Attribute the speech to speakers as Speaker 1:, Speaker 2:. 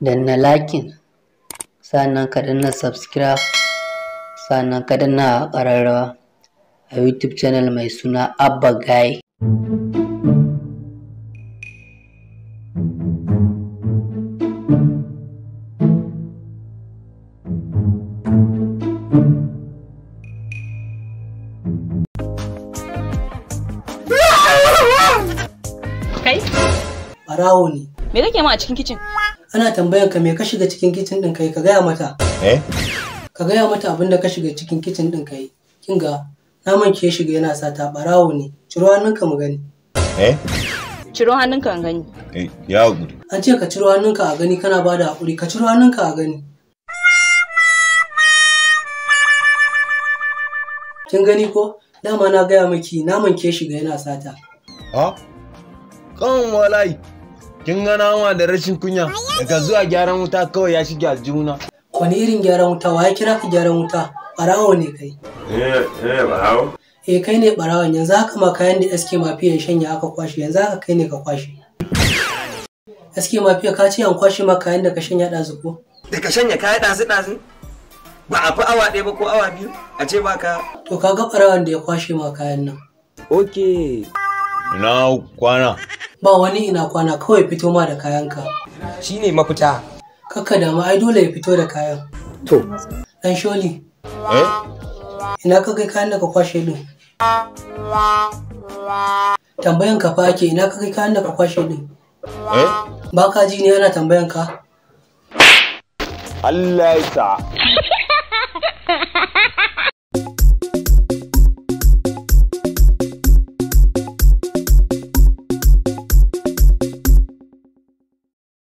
Speaker 1: danna lakin sannan ka danna subscribe sannan ka danna ƙararrawa a youtube channel mai suna abba guy Kai? Barawo ne. Me kake ma a cikin kicin? Ana tambayar ka me ka shiga cikin kicin din kai ka gaya mata. Eh? Ka gaya mata abin da ka shiga cikin kicin din kai. Kin ga naman ke shiga yana sa ta barawo ne. Ciro hannunka mu gani. Eh? Ciro hannunka an gani. Eh, ya hakuri. An ce ka ciro hannunka a gani kana bada hakuri. Ka ciro hannunka a gani. Kin gani ko? Dama na gaya miki naman ke shiga yana sata. Ha? Ah? Kan walai. kin gana ma da rashin kunya daga zuwa gyaran wuta kawai ya shiga aljihuna wani irin gyaran wuta wa ya kira ka gyaran wuta barawo ne kai eh barawo eh, eh kai ne barawon yanzu haka ma kayan da SK Mafiya ya shanya aka kwashe yanzu haka kai ne ka kwashe SK Mafiya ka ce an kwashe ma kayan da ka shanya ɗazu ko da ka shanya kayan ɗazu dazu ba a fi awa ɗaya ba ko awa biyu a ce ba ka to ka ga barawon da ya kwashe ma kayan nan okay na kwana ba wani ina kwana kawai fito ma da kayanka shine mafita da damu ai dole ya fito da kayan to dan sholi eh ina ka kai kayan da ka kwashe din tambayan ka fa ake ina ka kai kayan da ka kwashe din eh ba ka ji ne yana tambayan ka Allah ya sa